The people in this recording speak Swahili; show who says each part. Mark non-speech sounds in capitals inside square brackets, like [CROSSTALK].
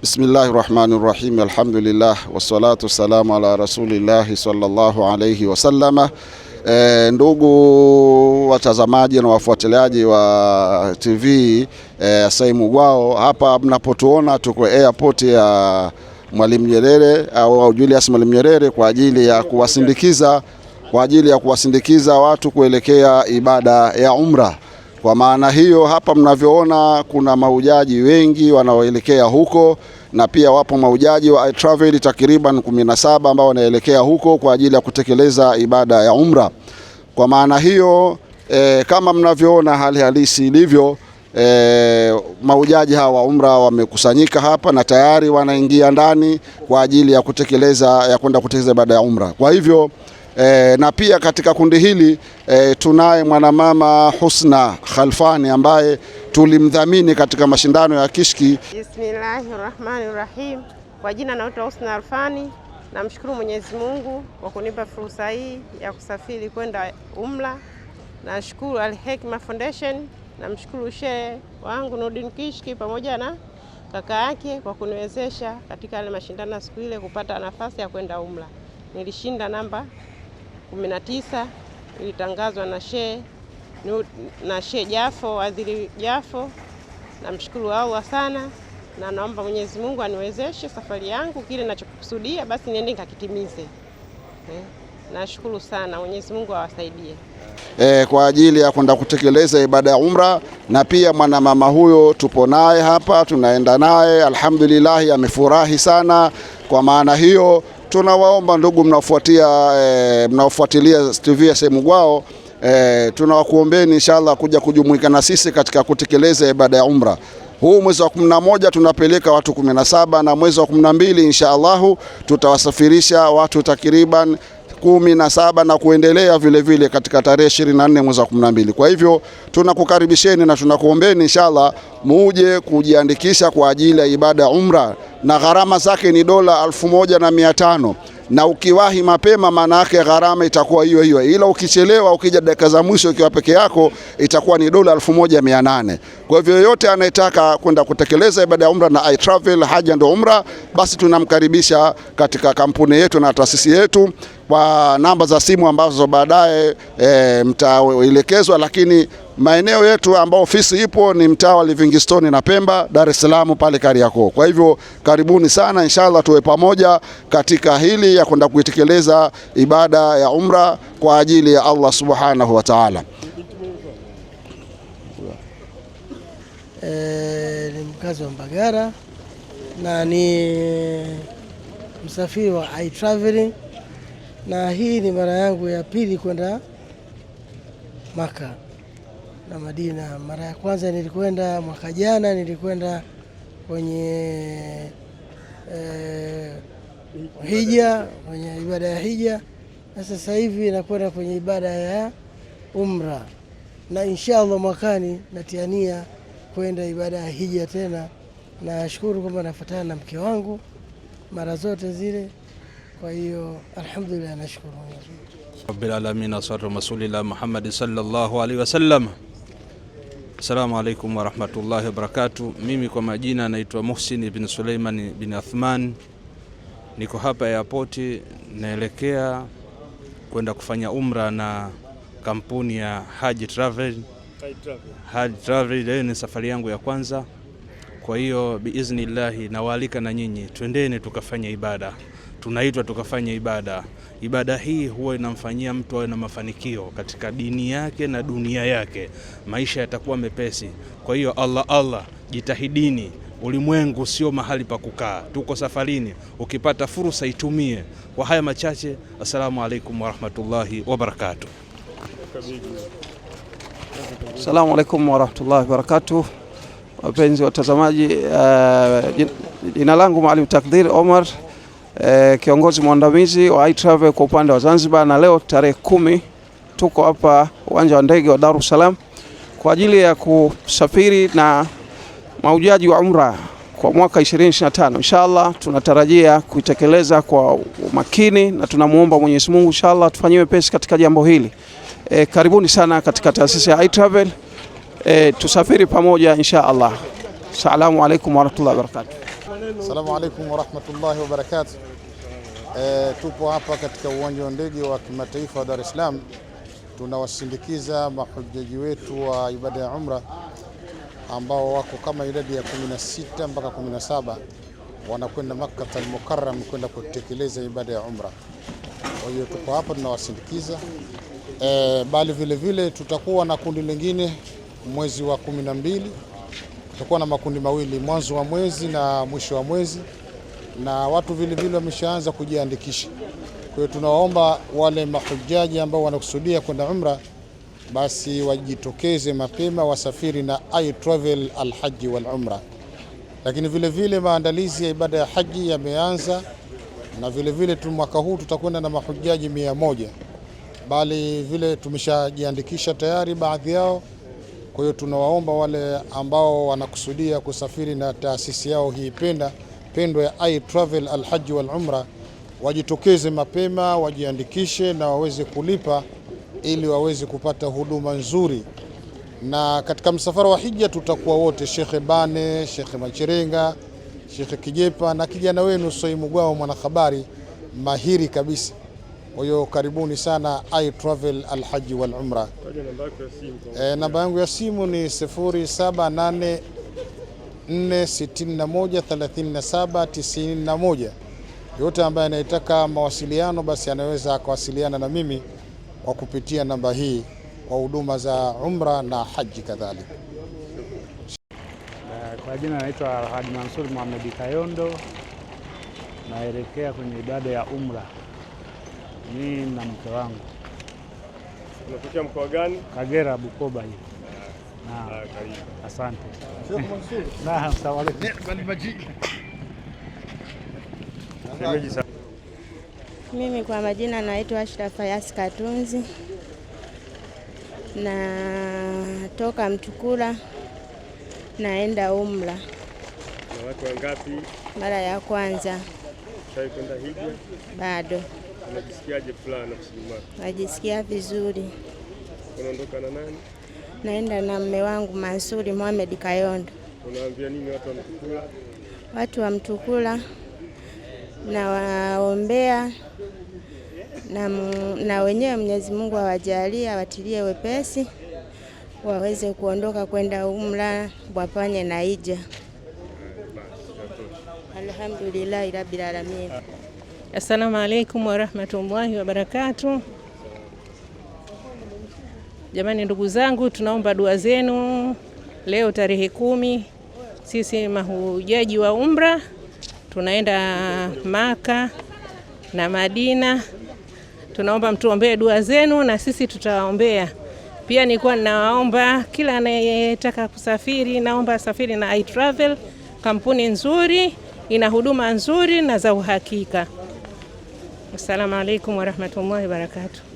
Speaker 1: Bismillahi rahmani rahim, alhamdulillah wassalatu wassalamu ala rasulillahi sallallahu alayhi wasallama. E, ndugu watazamaji na wafuatiliaji wa TV e, Saimu Gwao, hapa mnapotuona tuko airport ya Mwalimu Nyerere au Julius Mwalimu Nyerere kwa ajili ya kuwasindikiza kwa ajili ya kuwasindikiza watu kuelekea ibada ya umra. Kwa maana hiyo, hapa mnavyoona kuna mahujaji wengi wanaoelekea huko na pia wapo mahujaji wa iTravel takriban 17 ambao wanaelekea huko kwa ajili ya kutekeleza ibada ya umra. Kwa maana hiyo e, kama mnavyoona hali halisi ilivyo e, mahujaji hawa wa umra wamekusanyika hapa na tayari wanaingia ndani kwa ajili ya kutekeleza ya kwenda kutekeleza ibada ya umra. Kwa hivyo e, na pia katika kundi hili e, tunaye mwanamama Husna Khalfani ambaye tulimdhamini katika mashindano ya Kishki.
Speaker 2: Bismillahir Rahmanir Rahim. Kwa jina naitwa Husna Khalfani. Namshukuru Mwenyezi Mungu kwa kunipa fursa hii ya kusafiri kwenda Umra. Nashukuru Al Hikma Foundation, namshukuru shehe wangu Nurdin Kishki pamoja na kaka yake kwa kuniwezesha katika yale mashindano siku ile kupata nafasi ya kwenda umla. Nilishinda namba 19 ilitangazwa na Sheikh na Sheikh Jafo Waziri Jafo. Namshukuru Allah sana na naomba Mwenyezi Mungu aniwezeshe safari yangu, kile ninachokusudia basi niende nikakitimize. Eh, nashukuru sana, Mwenyezi Mungu awasaidie
Speaker 1: eh, kwa ajili ya kwenda kutekeleza ibada ya umra. Na pia mwanamama huyo tupo naye hapa, tunaenda naye alhamdulillah, amefurahi sana. Kwa maana hiyo Tunawaomba ndugu mnaofuatia e, eh, mnaofuatilia TV ya Sehemu Gwao e, tunawakuombeni inshallah kuja kujumuika na sisi katika kutekeleza ibada ya umra. Huu mwezi wa moja tunapeleka watu 17 na mwezi wa 12 insha allahu tutawasafirisha watu takriban kumi na saba na kuendelea vile vile katika tarehe 24 mwezi wa 12. Kwa hivyo tunakukaribisheni na tunakuombeni inshallah muje kujiandikisha kwa ajili ya ibada umra, na gharama zake ni dola elfu moja na mia tano na ukiwahi mapema, maana yake gharama itakuwa hiyo hiyo, ila ukichelewa, ukija dakika za mwisho ukiwa peke yako, itakuwa ni dola 1800. Kwa hivyo yoyote anayetaka kwenda kutekeleza ibada ya umra na I travel haja ndo umra, basi tunamkaribisha katika kampuni yetu na taasisi yetu kwa namba za simu ambazo baadaye e, eh, mtaelekezwa, lakini maeneo yetu ambao ofisi ipo ni mtaa wa Livingstone na Pemba, Dar es Salaam pale Kariakoo. Kwa hivyo karibuni sana, inshallah tuwe pamoja katika hili ya kwenda kuitekeleza ibada ya umra kwa ajili ya Allah subhanahu wa taala.
Speaker 3: E, ni mkazi wa Mbagara na ni eh, msafiri wa i traveling na hii ni mara yangu ya pili kwenda Maka na Madina. Mara ya kwanza nilikwenda mwaka jana, nilikwenda kwenye eh, hija kwenye ibada ya hija, na sasa hivi nakwenda kwenye ibada ya umra, na insha Allah mwakani natiania kwenda ibada ya hija tena. Nashukuru kwamba nafuatana na mke wangu mara zote zile. Kwa hiyo alhamdulillah, nashukuru
Speaker 4: Rabbil alamin, wassalatu rasulillah Muhammad sallallahu alaihi wasallam. Assalamu alaikum warahmatullahi wabarakatuh. Mimi kwa majina naitwa Muhsin bin Suleiman bin Athman, niko hapa airport, naelekea kwenda kufanya umra na kampuni ya Haji Travel. Haji Travel leo ni safari yangu ya kwanza, kwa hiyo biizni llahi nawaalika na nyinyi, twendeni tukafanya ibada tunaitwa tukafanya ibada. Ibada hii huwa inamfanyia mtu awe na mafanikio katika dini yake na dunia yake, maisha yatakuwa mepesi. Kwa hiyo Allah Allah, jitahidini. Ulimwengu sio mahali pa kukaa, tuko safarini. Ukipata fursa itumie. Kwa haya machache, assalamu alaikum warahmatullahi wabarakatuh.
Speaker 5: Assalamu alaikum warahmatullahi wabarakatuh. Wapenzi watazamaji, uh, jina langu Mwalimu Takdir Omar e, kiongozi mwandamizi wa iTravel kwa upande wa Zanzibar, na leo tarehe kumi tuko hapa uwanja wa ndege wa Dar es Salaam kwa ajili ya kusafiri na maujaji wa umra kwa mwaka 2025. Inshallah tunatarajia kuitekeleza kwa umakini na tunamuomba Mwenyezi Mungu inshallah tufanyiwe pesi katika jambo hili. E, karibuni sana katika taasisi ya iTravel. E, eh, tusafiri pamoja inshallah. Salamu alaykum wa rahmatullahi wa barakatuh.
Speaker 6: Salamu alaykum wa rahmatullahi wa barakatuh. E, tupo hapa katika uwanja wa ndege wa kimataifa wa Dar es Salaam, tunawasindikiza mahujaji wetu wa ibada ya umra ambao wako kama idadi ya 16 mpaka 17 wanakwenda Makkah al-Mukarram kwenda kutekeleza ibada ya umra. Kwa hiyo tupo hapa tunawasindikiza e, bali vile vile tutakuwa na kundi lingine mwezi wa 12 tutakuwa na makundi mawili, mwanzo wa mwezi na mwisho wa mwezi na watu vilevile wameshaanza kujiandikisha. Kwa hiyo tunawaomba wale mahujaji ambao wanakusudia kwenda umra basi wajitokeze mapema, wasafiri na I Travel Alhaji wal Umra. Lakini vilevile maandalizi ya ibada ya haji yameanza, na vilevile tu mwaka huu tutakwenda na mahujaji mia moja bali vile tumeshajiandikisha tayari baadhi yao. Kwa hiyo tunawaomba wale ambao wanakusudia kusafiri na taasisi yao hii Penda mapendo ya I Travel Alhaji wal Umra wajitokeze mapema, wajiandikishe na waweze kulipa ili waweze kupata huduma nzuri. Na katika msafara wa hija tutakuwa wote, Shekhe Bane, Shekhe Macherenga, Shekhe Kijepa na kijana wenu gwao mwanahabari mahiri kabisa. Kwa hiyo karibuni sana I Travel Alhaji wal Umra. E, namba yangu ya simu ni 078 4613791. Yote ambaye anayetaka mawasiliano basi anaweza akawasiliana na mimi kwa kupitia namba hii kwa huduma za umra na haji kadhalika.
Speaker 7: Kwa jina naitwa Alhaji Mansur Muhamedi Kayondo, naelekea kwenye ibada ya umra mimi na mke wangu.
Speaker 8: Unatokea mkoa gani?
Speaker 7: Kagera, Bukoba hiyo karibu. Asante.
Speaker 8: [LAUGHS] Naam, salamu alaykum.
Speaker 9: Mimi kwa majina naitwa Ashra Fayasi Katunzi, natoka Mtukula naenda Umra. Na
Speaker 10: watu wangapi?
Speaker 9: Mara ya kwanza.
Speaker 10: Kwenda hija? Bado. Unajisikiaje?
Speaker 9: Najisikia vizuri.
Speaker 10: Unaondoka na nani?
Speaker 9: naenda na mme wangu Mansuri Mohamed kayondo
Speaker 10: Unaambia nini watu wa Mtukula?
Speaker 9: Watu wa Mtukula nawaombea na, na wenyewe Mwenyezi Mungu awajalie awatilie wepesi waweze kuondoka kwenda umra bwapanye na Ija. Alhamdulillahi rabbil alamin.
Speaker 11: Assalamu rahmatullahi warahmatullahi barakatuh. Jamani ndugu zangu, tunaomba dua zenu. Leo tarehe kumi, sisi mahujaji wa umra tunaenda Maka na Madina. Tunaomba mtuombee dua zenu na sisi tutawaombea pia. Nilikuwa ninawaomba kila anayetaka kusafiri, naomba safiri na iTravel, kampuni nzuri, ina huduma nzuri na za uhakika. Assalamu alaikum warahmatullahi wabarakatuh.